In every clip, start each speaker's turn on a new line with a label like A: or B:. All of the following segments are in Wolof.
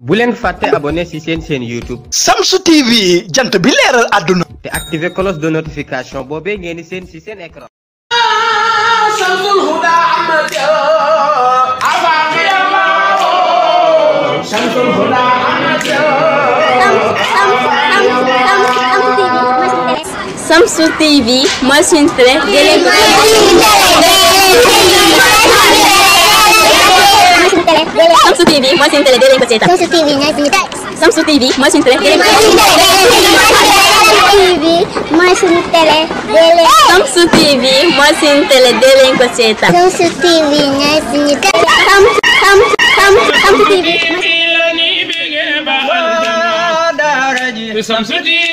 A: bu len faté abonné ci sen sen YouTube Samsung TV jant bi leral aduna té activer cloche de notification bobé ngeen sen ci sen écran
B: samsul huda amat Samsung samsul huda amat
C: Samsung TV mooy 3, télé Samsung TV mooy seen télé di leen ko TV ñooy suñu télé Samsu TV mooy suñu télé di leen ko seetaan mooy suñu TV mooy suñu télé di leen ko TV ñooy suñu télé Samsu Samsu Samsu Samsu TV Samsu TV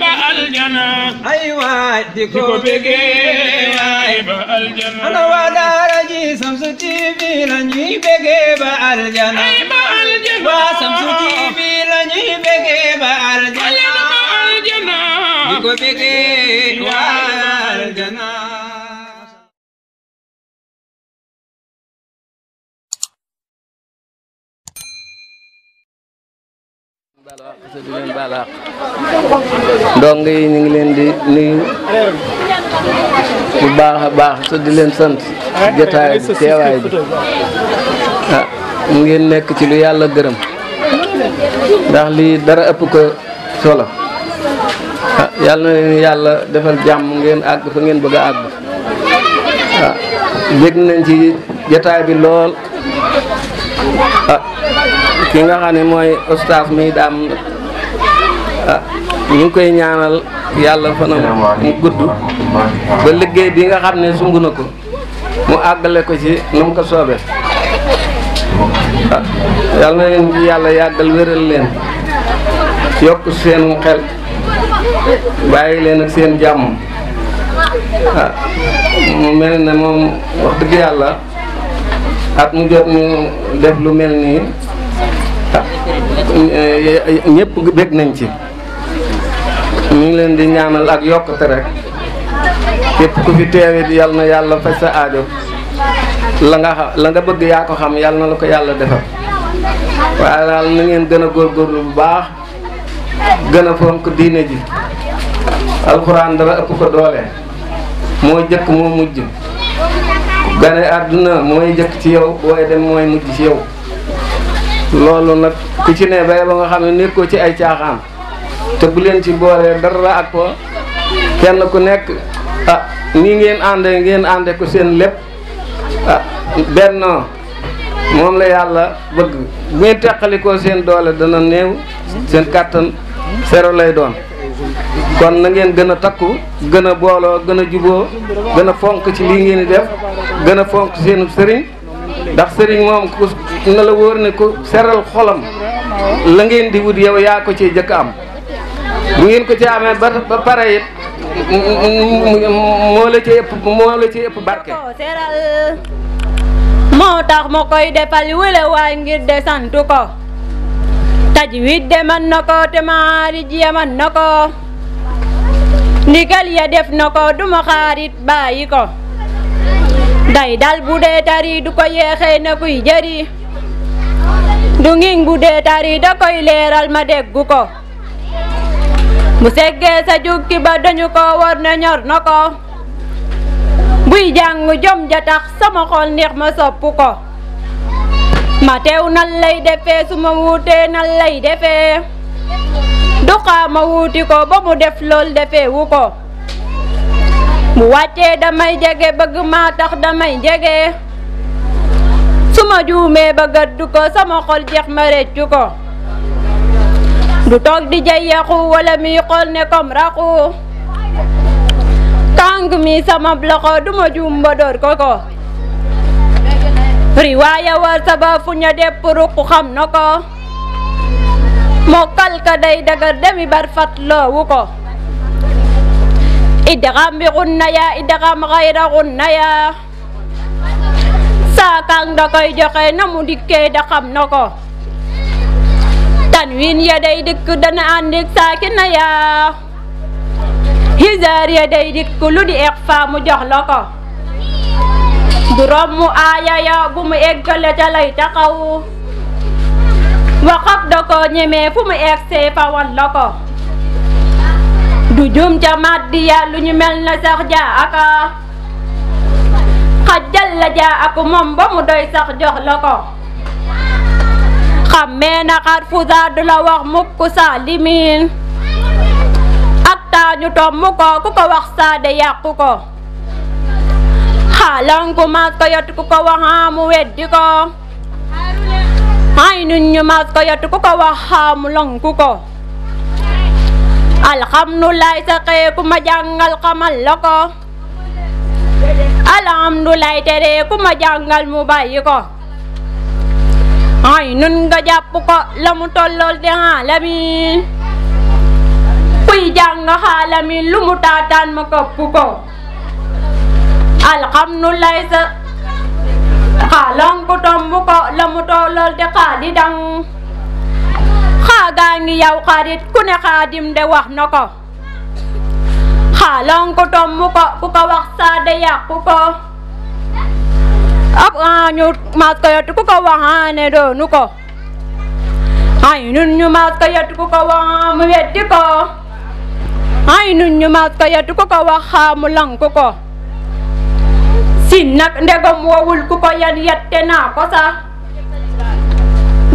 C: ba aljana ay waay di ko bege waay ba aljana ana
A: waa daara ji Shamsu TV la ñuy bege ba aljana ay ba aljana waa Shamsu TV la ñuy bege ba aljana
C: di ko bege waay aljana te di leen baal
B: yi ñu ngi leen di nuyu bu baax a baax te di leen sant jotaay bi teewaay bi mu ah, ngeen nekk ci lu yàlla gërëm ndax lii dara ëpp ko solo ah, yàlla na leen yàlla defal jàmm ngeen àgg fa ngeen bëgg a àgg ah yëg nañ ci jotaay bi lool ah nga xam ne mooy ustaas mi daam ñu ngi koy ñaanal yàlla fanam mu gudd ba liggéey bi nga xam ne sumb na ko mu àggale ko ci nu mu ko soobee ah, yàlla yàlla yàggal wéral leen yokk seen xel bàyyi leen ak seen jàmm ah, mu mel ne moom wax dëgg yàlla at mu jot ñu def lu mel nii ah, ñëpp bëgg nañ ci ñu ngi leen di ñaanal ak yokkute rek képp ku fi teewit yal na yàlla faj sa ajo la nga xam la nga bëgg yaa ko xam yal na la ko yàlla defal waaye daal na ngeen gën a góor góorgóorlu bu baax gën a fonk diine ji alxuraan dara ëpp ko doole moo jëkk moo mujj gane àdduna mooy jëkk ci yow booy dem mooy mujj ci yow loolu nag ku ci ne bay ba nga xam ne nekkoo ci ay caaxaan te bu leen ci boolee dara ak ko kenn ku nekk ah nii ngeen àndee ngeen ànde ko seen lépp ah moom la yàlla bëgg bu ngeen teqalikoo seen doole dana néew seen kàttan sero lay doon kon na ngeen gën a takku gën a booloo gën a juboo gën a fonk ci lii ngeen di def gën a fonk seenu sëriñ ndax sëriñ moom ku na la wóor ne ku seral xolom la ngeen di wut yow yaa ko ci jëkk am bu ngeen ko ci amee ba pare it moo la ci ëpp moo la ci ëpp
C: barke moo tax ma koy defal wule waay ngir de santu ko tajwid de man na ko te maarij ya man na ko ndigal ya def na ko duma xaarit bàyyi ko day dal bu dee tari du ko yeexee na kuy jëri du nging bu dee tari da koy leeral ma déggu ko mu seggee sa jukki ba dañu ko war ne ñor na ko buy jàng jom ja tax sama xol neex ma sopp ko ma teew nan lay defee su ma wuutee nan lay defe duqaa ma wuuti ko ba mu def lool defee ko bu wàccee damay jege bëgg ma tax damay jege su ma juumee ba gëddu ko sama xol jeex ma reccu ko du toog di jayyaxu wala muy xool ne kom raxu kàng mi sama loxo du ma juum ba door ko saba fu depp ruq xam na ko ka day dagar demi bar fat loowu ko idgham bi gunnaya idgham ghayra gunnaya saa kàng da koy joxe na mu da xam na win ya day dikk dana ànd ak saakina yaa hizaar ya day dikk lu di eq faa mu jox la ko juróom mu aaya ya bu mu eggale ca lay taxaw waxaf da ko ñemee fu mu eeg see fa wan la ko du jum ca màddi ya lu ñu mel na sax jaa aka xajjal la jaa aku moom ba mu doy sax jox la ko xam mais naqar fusa la wax mukk sa limiin ak taañu tomm ko ku ko wax saa de yàqu ko xaalanku mas ko yot ku ko wax xaamu weddi ko ay nun ñu mas ko yot ku ko wax xaamu lonku ko alxamdulaay sa xëye ku ma jàngal xamal la ko alxamdulaay tere ku ma jàngal mu bàyyi ko ay nun nga jàpp ko la mu tollool di xaalami kuy jàng xaalami lu mu taataan ma këpp ko alxamnu laysa xaalan ku tomb ko la mu tollool di xaadi dang xaagaa ngi yow xarit ku ne xaadim de wax na ko xaalan ku tomb ko wax saa de ko ấp à nhu mà cái chú có vào ha này rồi nu có ai nu nhu mà cái chú có vào mới biết chứ có ai nu nhu mà cái chú có vào ha một lần có có xin nắc để có mua ul có có yan yết tên nào có sa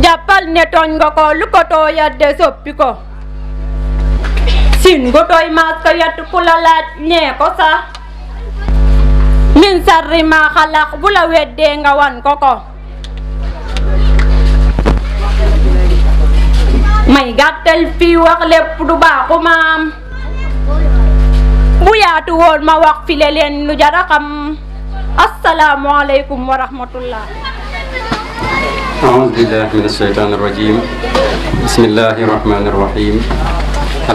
C: Japal ne ton go ko lu ko to ya de so pi ko sin go toy ma ka ya tu kula la ne ko sa min sarri ma xalaq bu la weddee nga wan ko ko may gàttal fii wax lépp du baaxu bu yaatu woon ma wax file leen lu jara xam asalaamualeykum wa rahmatullah
D: أعوذ بالله من الشيطان الرجيم بسم الله الرحمن الرحيم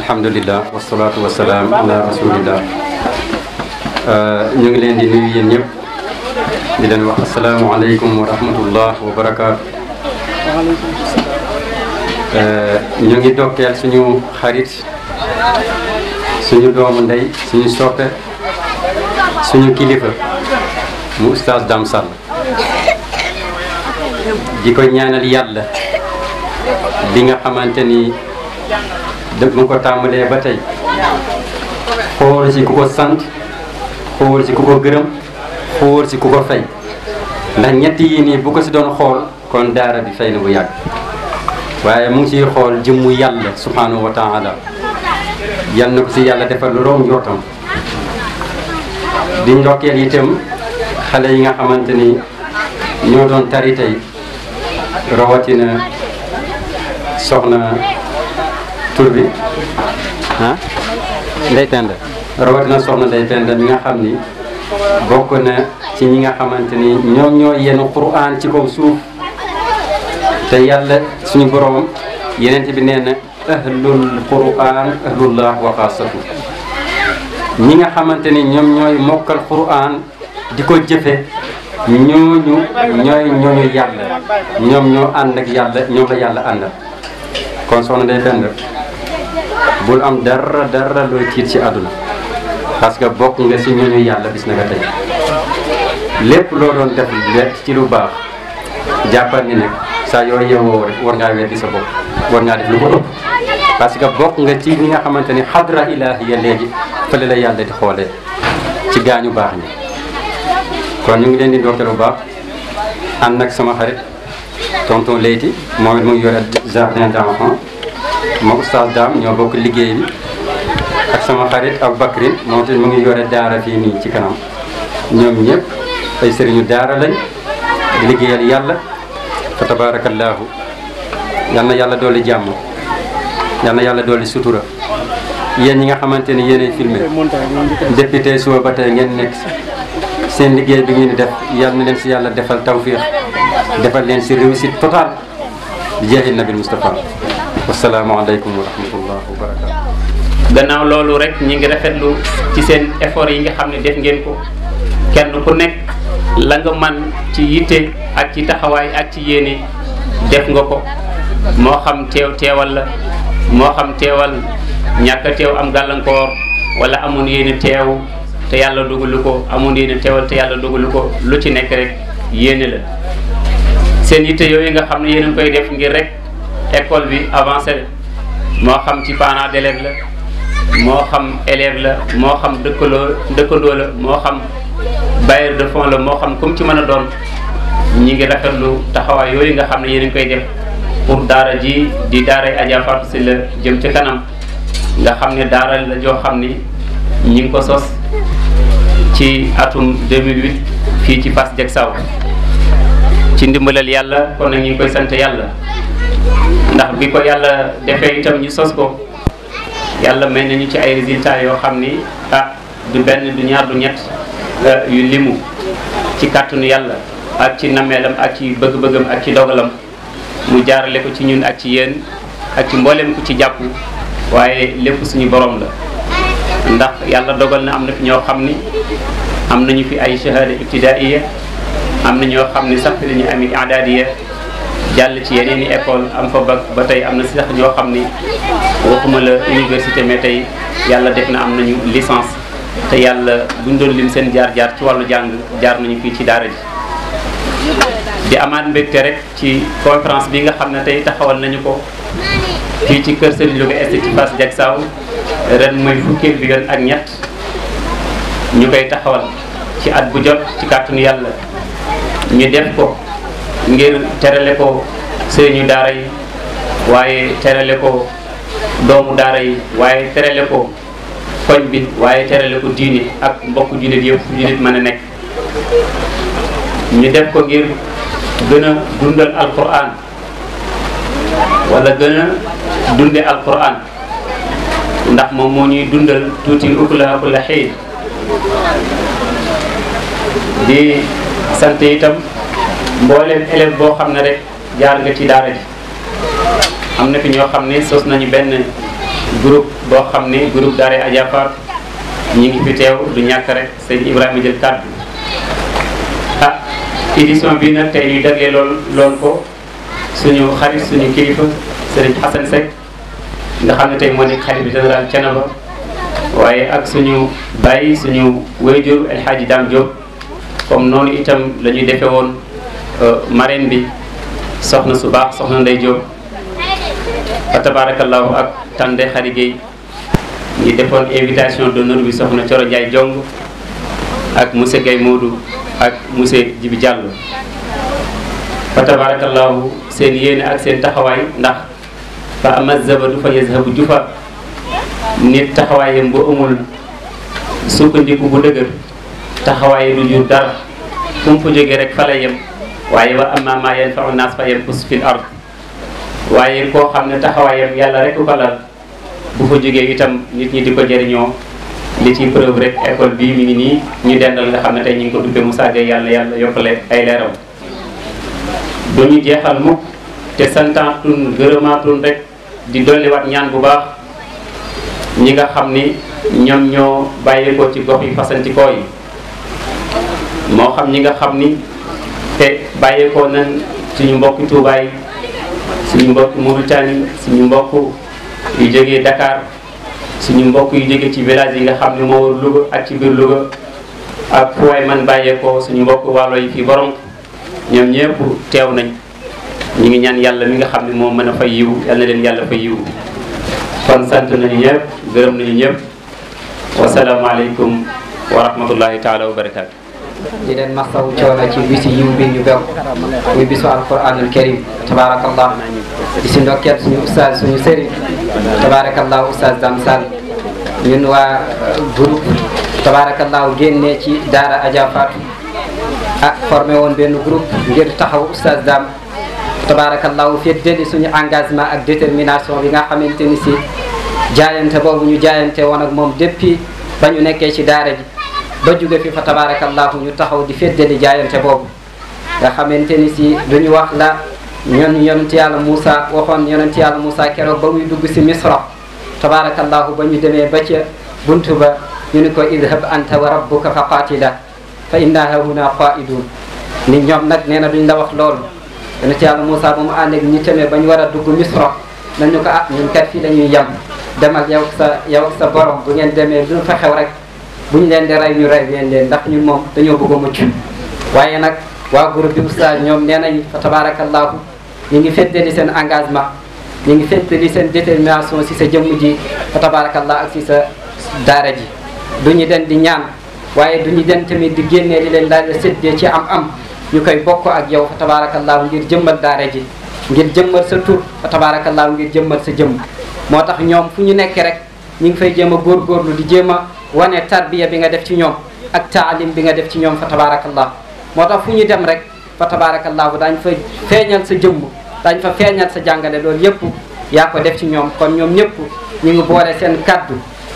D: الحمد لله والصلاة والسلام على رسول الله ñu uh, ngi leen di nuyu yéen ñëpp di leen wax asalaamaaleykum wa rahmatullah wa barakaatu uh, ñu ngi dokkeel suñu xarit suñu doomu ndey suñu soppe suñu kilifa mu oustaz Dame Sall di ko ñaanal yàlla bi nga xamante ni daf ko tàmbalee ba tey xool si ku ko sant xool ci ku ko gërëm xool ci ku ko fay ndax ñett yi nii bu ko si doon xool kon daara bi fay na bu yàgg waaye mu ngi ciy xool jëmmu yàlla subhanahu wa taala yal na ko si yàlla defal lu rom njortam di ndokkeel itam xale yi nga xamante ni ñoo doon tari tey rawatina soxna tur bi ah ndey tend rawatina soxna Ndeye Penda mi nga xam ni bokk na ci ñi nga xamante ni ñoom ñoo yenu Qur'an ci kaw suuf te yàlla suñu borom yeneen bi nee na ahlul Qur'an ahlullah wa ñi nga xamante ni ñoom ñooy mokkal Qur'an di ko jëfe ñooñu ñooy ñooñu yàlla ñoom ñoo ànd ak yàlla ñoom la yàlla àndal kon soxna Ndeye Penda bul am dara dara looy tiit ci àdduna parce que bokk nga si ñooñu yàlla bis na nga tey lépp loo doon def wet ci lu baax jàppal ni nag saa yoo yeewoo rek war ngaa weddi sa bopp war ngaa def lu ko parce que bokk nga ci ñi nga xamante ni xadra ilaahiya léegi fële la yàlla di xoolee ci gaañu baax ñi kon ñu ngi leen di ndokkeel bu baax ànd nag sama xarit tonton Leyti moom mu ngi yore jardin d'enfants moom oustaz Dame ñoo bokk liggéey bi ak sama xarit ak Bakrin moom tamit mu ngi yore daara fii nii ci kanam ñoom ñëpp ay sëriñu daara lañ liggéeyal yàlla fa tabaarakallaahu yal na yàlla dooli jàmm yal na yàlla dooli sutura yéen ñi nga xamante ni yéenay filmé député suba ba tey ngeen nekk seen liggéey bi ngeen di def yal na si yàlla defal tawfiix defal leen si réussite totale
E: di jeexil nabil Moustapha wasalaamualeykum wa rahmatullah wa gannaaw loolu rek ñi ngi rafetlu ci seen effort yi nga xam ne def ngeen ko kenn ku nekk la nga man ci yitte ak ci taxawaay ak ci yéene def nga ko moo xam teew teewal la moo xam teewal ñàkk teew am gàllankoor wala amun yéene teew te yàlla dugalu ko amun yéene teewal te yàlla ko lu ci nekk rek yéene la seen yitte yooyu nga xam ne yéen a ngi koy def ngir rek école bi avancé moo xam ci parents d'élèves la moo xam élève la moo xam dëkkaloo dëkkandoo la moo xam bailleur de fonds la moo xam comme ci mën a doon ñi ngi rafetlu taxawaay yooyu nga xam ne yéen a koy def pour daara ji di daaray Adja Fatou Sylla la jëm ca kanam nga xam ne daara la joo xam ni ñi ngi ko sos ci atum 2008 fii ci Fass Dieg Saw ci ndimbalal yàlla kon nag ñu koy sant yàlla ndax bi ko yàlla defee itam ñu sos ko yàlla may nañu ci ay résultats yoo xam ni ah du benn du ñaar du ñett euh, yu limu ci kàttanu yàlla ak ci nameelam ak ci bëgg-bëggam ak ci dogalam mu jaarale ko ci ñun ak ci yéen ak ci mbooleen ku ci jàpp waaye lépp suñu boroom la ndax yàlla dogal na am na fi ñoo xam ni am nañu fi ay shahada ibtidaiya am na ñoo xam ni sax fi la ñu amee iadaadiya jall ci yeneen école am fa bac ba tey am na si sax ñoo xam ni waxuma la université mais tey yàlla def na am nañu licence te yàlla buñ doon lim seen jaar-jaar ci wàllu jàng jaar nañu fii ci daara ji di amaat mbégte rek ci conférence bi nga xam ne tey taxawal nañu ko fii ci kër Serigne Louga Est ci Fass Saw ren mooy fukkeel bi yoon ak ñett ñu koy taxawal ci at bu jot ci kàttanu yàlla ñu def ko ngir terale ko sëriñu daara yi waaye terale ko doomu daara yi waaye terale ko koñ bi waaye terale ko diine ak mbokk jullit yëpp fu mën a nekk ñu def ko ngir gën a dundal alquran wala gën a dunde alquran ndax moom moo ñuy dundal tuuti ukulaha kulla xiin di sant itam mbooleem élève bo xam rek jaar nga ci daara ji amna fi ño xam sos nañu ben groupe bo xam groupe daara Adja Fatou ñu ngi fi tew du ñak rek seigne ibrahim jël kàddu ah édition bi nag tay ñu déggee lool lool ko suñu xarit suñu kilifa sëriñ Xasan sek nga xam tay mo ni xarit bi général Thiénaba waye ak suñu bàyyi suñu wayjur El Hadji dam Diop comme noonu itam la défé won Euh, marraine bi soxna su baax soxna Ndey Jóob fa tabaarakallaahu ak tànde xari géey defoon invitation d'honneur bi soxna Coro Njaay Jong ak monsieur Gaye Modou ak monsieur Jibi Diallo fa tabaarakallaahu seen yéene ak seen taxawaay ndax fa ama zabadu fa yazhabu jufa nit taxawaayam bu amul sukkandiku bu dëgër taxawaay du dara fu mu fa jógee rek fa la yem waaye wa amma ma yanfa'u naas fa yamkus fil ard waaye koo xam ne taxawaayam yàlla rek ko lal bu fa jógee itam nit ñi di ko jëriñoo li ci preuve rek école bii mu ngi nii ñu dendal nga xam ne tey ñu ngi ko duggee Moussa Gueye yàlla yàlla yokkale ay leeram du ñu jeexal mukk te santaatun gërëmaatun rek di dolliwaat ñaan bu baax ñi nga xam ni ñoom ñoo bàyyeekoo ci gox yi fasantikoo yi moo xam ñi nga xam ni te bàyyeekoo nañ suñu mbokku tuubaay suñu suñu mbokku Mauritanie suñu mbokk yu jógee Dakar suñu mbokk yu jógee ci village yi nga xam ne moo wër Louga ak ci biir Louga ak fu waay man bàyyeekoo suñu mbokk wàllo yi fii borom ñoom ñëpp teew nañ ñu ngi ñaan yàlla mi nga xam ne moo mën a fay yiw yal na leen yàlla fay yiw kon sant nañu ñëpp gërëm nañu ñëpp wasalaamaaleykum wa rahmatullahi taala wa barakaatu di
A: leen masawu coono ci bisu yiw bi ñu bew muy bisu
E: alquranul karim tabaarakallah
A: di ndokkeel suñu ustaaz suñu sëriñ tabaarakallah ustaaz Dame Sall ñun waa euh, groupe tabaarakallah génnee ci daara Adja Fatou ah formé woon benn groupe ngir taxaw ustaaz Dame tabaarakallah feddali suñu engagement ak détermination bi nga xamante ni si jaayante boobu ñu jaayante woon ak moom depuis ba ñu nekkee ci daara ji ba jóge fi fa tabarakallah ñu taxaw di feddali jaayante bobu nga xamanteni ni si duñu wax la ñoon yonent yàlla Moussa waxoon yonent yàlla Musa kéro ba muy dugg ci misra tabarakallah ba ñu démé ba ca buntu ba ñu ko idhab anta wa rabbuka fa qaatila fa inna hauna qaidun ni ñom nak neena duñ la wax lool loolu yonent yàlla Musa bu mu ande ñu téme tamee ba ñu war dugg misra nañu ko ah ñun kat fi dañuy yam demal yow sa yow sa borom bu ngeen démé lu fa xew rek bu ñu leen di rey ñu rey leen leen ndax ñun moom dañoo bëgg a mucc waaye nag waa groupe bi oustaz ñoom nee nañ fa tabaarakallaahu ñu ngi feddali seen engagement ñu ngi feddali seen détermination si sa jëmm ji fa tabaarakallah ak si sa daara ji du ñu den di ñaan waaye du ñu den tamit di génnee di leen daal di séddee ci am-am ñu koy bokk ak yow fa tabaarakallah ngir jëmmal daara ji ngir jëmmal sa tur fa tabaarakallah ngir jëmmal sa jëmm moo tax ñoom ñu nekk rek ñu ngi fay jéem a góorgóorlu di jéem a wane tarbiya bi nga def ci ñoom ak taalim bi nga def ci ñoom fa tabaarakallahu moo tax fu ñu dem rek fa tabaarakallahu daañ fa feeñal sa jëmm daañ fa feeñal sa jàngale loolu yëpp yaa ko def ci ñoom kon ñoom ñëpp ñu boole seen kàddu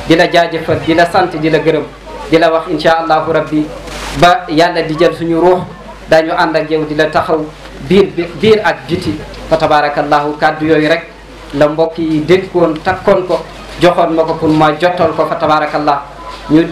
A: di la jaajëfal di la sant di la gërëm di la wax insha allahu rabbi ba yàlla di jël suñu ruux dañu ànd ak yow di la taxaw biir biir ak biti fa tabaarakallahu kàddu yooyu rek la mbokk yi déggoon takkoon ko joxoon ma ko pour ma jottal ko fa tabaarakallah ñu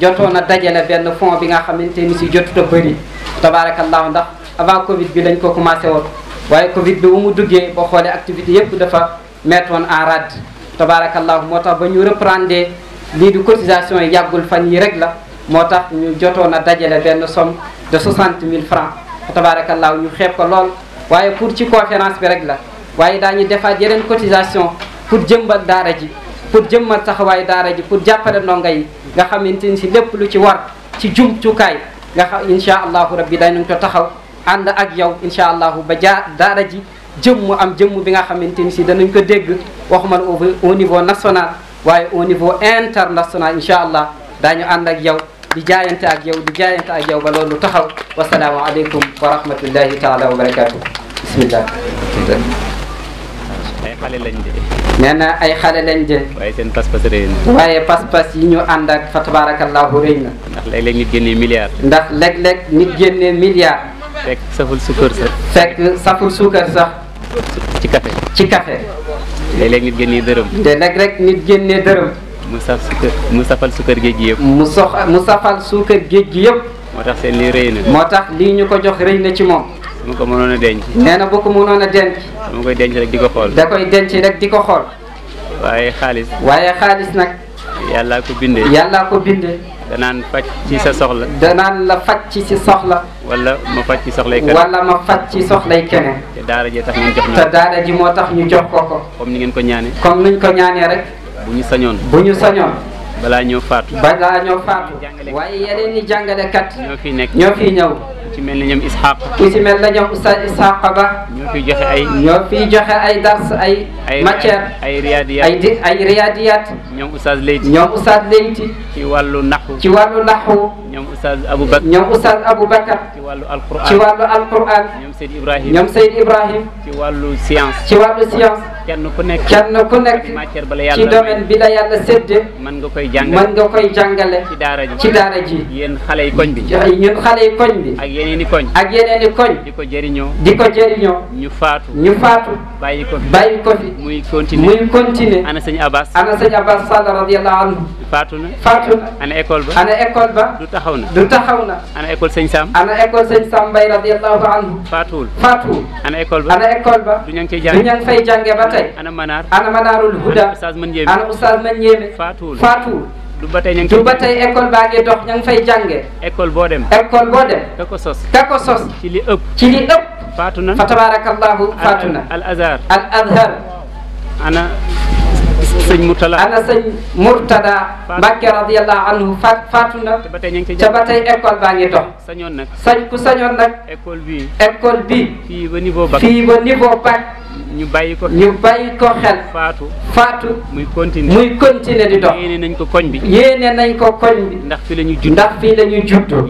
A: jotoon a dajale benn fond bi nga xamante ni si jotut a bëri tabaarakallaahu ndax avant Covid bi lañ ko commencé woon waaye Covid bi bu mu duggee boo xoolee activité yépp dafa mettre woon en rade tabaarakallaahu moo tax ba ñu reprendre lii di cotisation yi yàggul fan yi rek la moo tax ñu jotoon a dajale benn somme de 60 000 francs tabaarakallaahu ñu xeeb ko lool waaye pour ci conférence bi rek la waaye daañu defaat yeneen cotisation pour jëmbal daara ji pour jëmmal taxawaayu daara ji pour jàppale ndongo yi nga xamante ni si lépp lu ci war ci jumtukaay nga xam incha allahu rabbi danañ ko taxaw ànd ak yow incha allahu ba jaa daara ji jëmm am jëmm bi nga xamante ni si danañ ko dégg waxuma au niveau national waaye au niveau international incha allah daañu ànd ak yow di jaayante ak yow di jaayante ak yow ba loolu taxaw wasalaamu aleykum wa rahmatullahi taala wa barakaatu
E: bismillah ay xale lañ de. nee na ay xale lañ de. waaye seen pas-pas rëy
A: na. waaye pas yi ñu ànd ak fa tabaarakallaahu rëy na. ndax léeg-léeg nit génnee milliard. ndax léeg-léeg nit génnee milliard. fekk saful suukar sax. fekk saful suukar sax. ci
E: kafe ci kafe léeg-léeg nit génnee dërëm. te léeg rek nit génnee dërëm. mu saf mu safal suukar géej gi yëpp. mu sox mu safal suukar géej gi yëpp. moo tax seen lii rëy na. moo tax lii ñu ko jox rëy na ci moom. bu ko mënoon a denc. nee na bu ko mënoon a denc. dama koy denc rek di ko xool. da koy denc rek di ko xool. xaalis. waaye xaalis nag. yàllaa ko bindee. yàllaa ko bindee. danaan faj ci sa soxla. danaan la faj ci si soxla. wala ma faj ci soxlay keneen. wala ma faj ci soxlay keneen. te daara jee tax ñu jox ñu. te daara ji moo tax ñu jox ko ko. comme ni ngeen ko ñaane comme nuñ ko ñaanee rek. bu ñu sañoon. bu ñu sañoon. balaa ñoo faatu. balaa ñoo
A: faatu. waaye yeneen i jàngalekat. ñoo
E: fi nekk ñoo fi ñëw. ci mel ni ñoom Isxaq. ku ci mel ne ñoom Oustaz Isxaq Ba. ñoo fiy joxe ay. ñoo fiy joxe
A: ay dars ay.
E: ay matière ay riyaadiyaat ay di ay riyaadiyaat. ñoom Oustaz Leyti. ñoom Oustaz Leyti. ci wàllu naxu. ci wàllu naxu. ñoom Oustaz Aboubacar ñoom Oustaz Aboubacar ci wàllu alquran ci ñoom Seyd Ibrahim ñoom Seyd Ibrahim ci wàllu science
A: ci wàllu ku nekk ci domaine bi la yàlla sédde mën nga koy jàngale ci daara ji ci daara ji
E: i koñ ak yeneen i koñ di ko ko jëriñoo ñu faatu ñu faatu bàyyi ko fi bàyyi ko fi muy continuer muy continuer ana sëñ Abbas ana sëñ
A: Abbas Sall radiyallahu anhu
E: faatu na faatu na ana école ba taxaw na du taxaw na ana école sëñ Sam ana
A: école sëñ Sam Mbaye radiallahu anhu
E: faatuwul faatuwul ana école ba ana école ba du ña fay jànge ba tey ana manaar ana manaarul huda ana oustaz man yéeme faatuwul faatuwul du ba tey fay jànge école boo dem école boo dem ka ko sos ka ko sos ci li ëpp ci li ëpp faatu na fa tabarakallahu faatu na al azhar al azhar sëñ Murtada ana
A: sëñ Murtada Mbàkke radiyallahu anhu faat faatu na te ba tey ñu ngi ca ba tey école baa sañoon nag sañ
E: ku sañoon nag école bi école bi fii ba niveau bac ñu bàyyi ko ñu bàyyi ko xel. faatu faatu. muy continuer muy continuer di dox. yéene nañ ko koñ bi. yéene nañ ko koñ bi. ndax fi la ñu judd ndax fii la ñu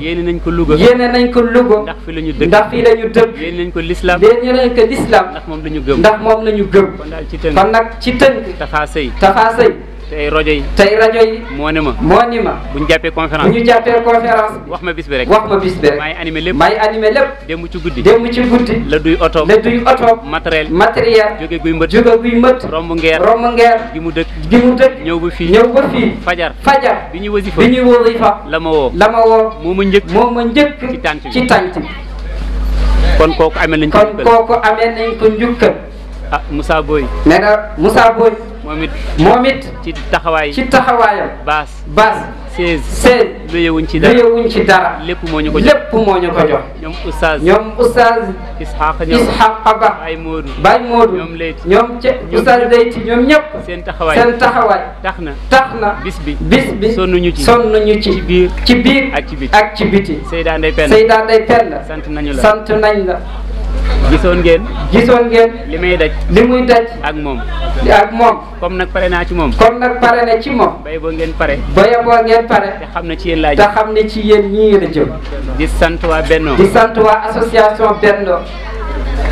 E: yéene nañ ko Louga yéene nañ ko Louga. ndax fi la ñu dëkk ndax fii la ñu dëkk. ko lislaam yéene nañ ko lislaam. ndax moom la ñu gëm ndax moom la ñu gëm. kon ci tënk kon nag ci tënk. Tafa Seye Tafa tey rajo yi tey rajo yi moo ni ma moo ni ma bu ñu jàppee conférence bu ñu wax ma bis wax ma bis bi rek maay animé lépp maay animé lépp démb ci guddi démb ci guddi la duy oto la duy oto matériel matériel jóge guy mbët jóge guy mbët romb ngeer romb ngeer gi mu dëkk gi mu dëkk ñëw ba fii ñëw ba fii fajar fajar bi ñuy wasifa bi ñuy la ma woo la ma woo moo ma njëkk moo ma njëkk ci tànt ci tànt kon kooku amee nañ ko kon kooku amee nañ ko njukkal ah Moussa Boye moom it moom ci taxawaay ci taxawaayam baas baas seize seize luyewuñ ci dara luyewuñ ci lépp moo ñu ko jox lépp moo ñu ko jox ñoom oustaz ñoom oustaz isxaq ñoom isxaq ba ay moodu bay moodu ñoom layti ñoom ce oustaz layti ñoom ñëpp seen taxawaay seen taxawaay tax na tax na bis bi bi sonnuñu ci ci ci biir ci biir ak ci biti ak ci biti Seydaa Ndey Penn Seydaa Ndey sant nañu sant nañ la gisoon ngeen. gisoon ngeen. li muy daj. li muy daj. ak moom. ak moom. comme nag pare naa ci moom. comme nag pare na ci moom. bay boo ngeen pare. bay boo ngeen pare. te xam na ci yéen laa jëm. te xam ne ci yéen ñii la jëm. di sant waa Benno. di sant waa
A: association Benno.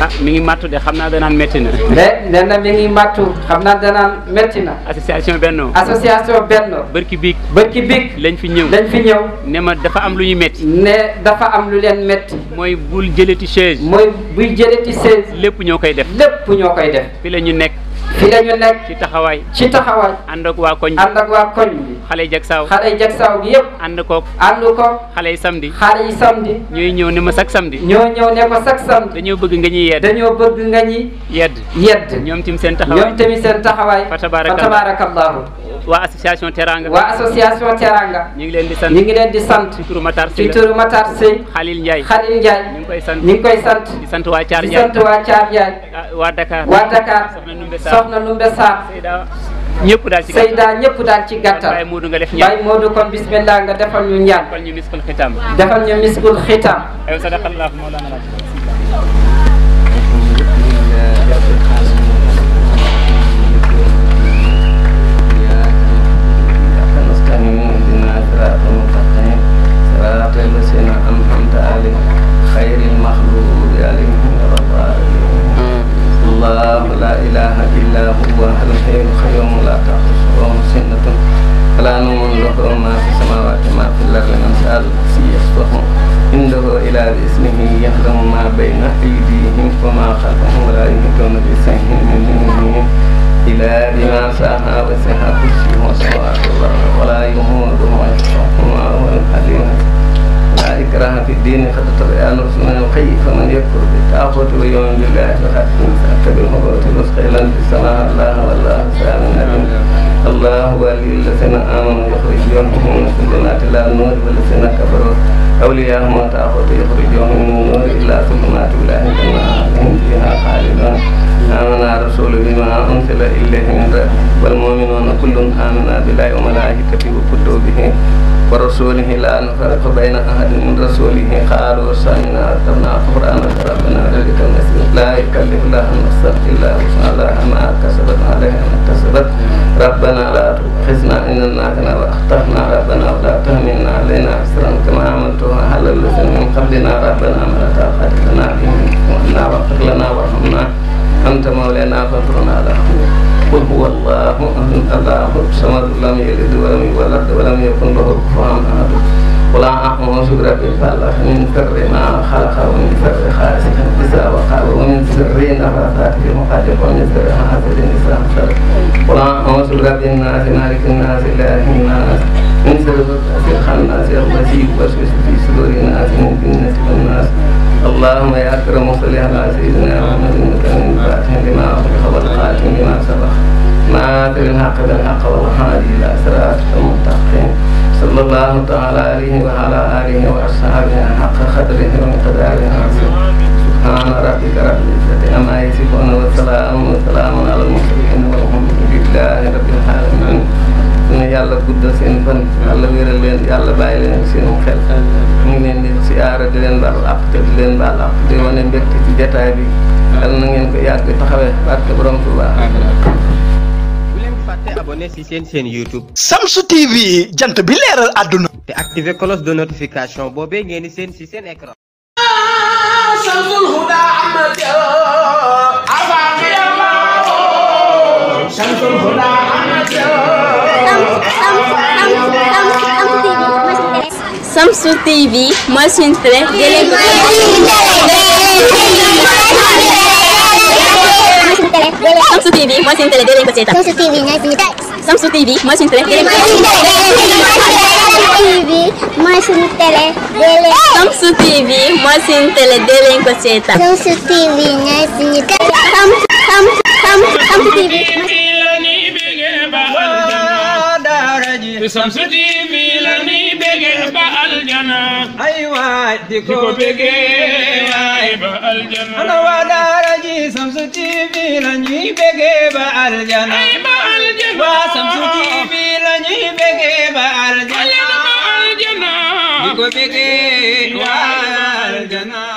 E: ah mi ngi màttu de xam naa danaan métti na.
A: mais nee na ngi màttu xam naa danaan métti na.
E: association Benno. association Benno. bërki biig bërki biig. lañ fi ñëw lañ fi ñëw. ne ma dafa am lu ñuy métti. ne dafa am lu leen metti mooy bul jëleti chaise. mooy buy jëleti chaise. lépp ñoo koy def. lépp ñoo koy def. fi la ñu nekk. fi la ñu nekk ci taxawaay ci taxawaay ànd ak waa koñ bi ànd ak waa koñ bi xale yi jag saaw xale yi jag saaw bi yëpp ànd koog ànd koog xale yi samedi xale yi samedi ñooy ñëw ne ma sak samedi ñoo ñëw bëgg nga ñuy yedd dañoo bëgg nga ñuy yedd yedd ñoom tim seen taxawaay ñoom tamit seen taxawaay fa tabaarakallaahu waa association Teranga waa association ñu ngi leen di sant ñu ngi leen di sant ci turu ma Sey ci turu Xalil Ndiaye Xalil Ndiaye ñu koy sant ñu ngi koy sant sant waa Thiar Ndiaye di sant waa Thiar waa
A: Dakar xamna lu Sarr
E: ñepp dal ci gàttal
A: sayda ñepp dal ci bay Modou nga kon bismillah nga defal ñu ñaan defal ñu miskul khitam defal ñu miskul xitam
E: ay maulana
B: الله لا إله إلا هو الخير خير لا تأخذه سنة فلا نؤمن له ما في السماوات ما في الأرض من سأل سيسفه عنده إلى باسمه يعلم ما بين أيديهم وما خلفهم ولا يهدون بشيء من علمه إلا بما ساها وسع كرسيه وسواء ولا بما ويشفعهما وهو الحليم إكراه في الدين قد طلع نفس من القي فمن يكفر بالطاغوت ويؤمن بالله فقد استمسك بالعروة الوثقى لا السماء الله والله النبي الله ولي الذين آمنوا يخرجونهم من الظلمات إلى النور والذين كفروا أولياءهم الطاغوت يخرجونهم من النور إلى ظلمات أولئك هم فيها خالدون آمن الرسول بما أنزل إليه من ربه والمؤمنون كل آمن بالله وملائكته وكتبه ورسوله لا نفرق بين أحد من رسوله قالوا سمعنا واتبعنا القران ربنا ذلك المسجد لا يكلف الله نفسا إلا وسعها ما كسبت عليها ما كسبت ربنا لا تؤاخذنا إن نعنا وأخطأنا ربنا ولا تهملنا علينا إسرا كما عملتها على الذين من قبلنا ربنا ما لا بهم وأنا واغفر لنا وارحمنا أنت مولانا فانصرنا الله ان الله الصمد لم يلد ولم يولد ولم يكن له كفوا احد ولا احمد اعوذ برب الفلق من شر ما خلق ومن شر حاسد اذا وقال ومن شر نفاثات في العقد ومن شر حاسد اذا حسد احمد اعوذ برب الناس مالك الناس اله الناس من شر الناس المسيح يوسوس في صدور الناس من الناس اللهم يا اكرم صل على سيدنا محمد المتمم الفاتح لما اغلق والخاتم لما سبق ما أتى بالحق إلا الحق وما هادي إلى صراط المتقين صلى الله تعالى عليه وعلى آله وأصحابه حق قدره ومقداره العظيم سبحان ربك رب العزة عما يصفون وسلام وسلام على المرسلين والحمد لله رب العالمين ne yàlla guddal seen fan yàlla wéral leen yàlla bàyyi leen seen xel ñu ngi leen di siyaara di leen baal àq te di leen baal àq di wane mbégte ci jataay bi yàlla na ngeen ko yàgg taxawee barke borom Tuubaa abonné c'est une YouTube. Samsung TV
A: jant bi à cloche de notification bobé ngéni sen écran.
C: Samsu TV suis télé. télé TV mooy seen télé dee TV ñooy suñu télé Samsu TV mooy suñu télé dee TV mooy suñu télé dee leen TV ñooy suñu télé Samsu Samsu TV ana waa
A: daara ji Shamsu TV la ñuy bégee ba aljana waa Shamsu TV la ñuy bégee
C: ba aljana di ko bégee waa aljana